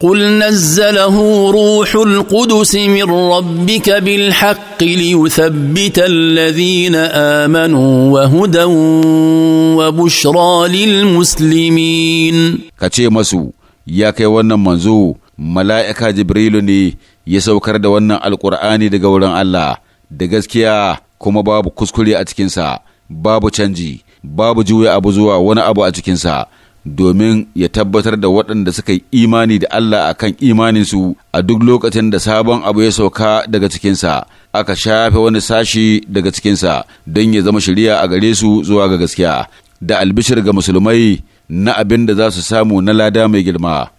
قل نزله روح القدس من ربك بالحق ليثبت الذين امنوا وهدى وبشرى للمسلمين kace masu ya kai wannan manzo mala'ika jibrilu ne ya saukar da wannan alkur'ani daga wurin Allah da gaskiya kuma babu kuskure a cikinsa babu canji babu juya abu zuwa wani abu a cikinsa domin ya tabbatar da waɗanda suka yi imani da Allah a kan imaninsu a duk lokacin da sabon abu ya sauka daga cikinsa, aka shafe wani sashi daga cikinsa don ya zama shirya a gare su zuwa ga gaskiya, da albishir ga musulmai na abin da za su samu na lada mai girma.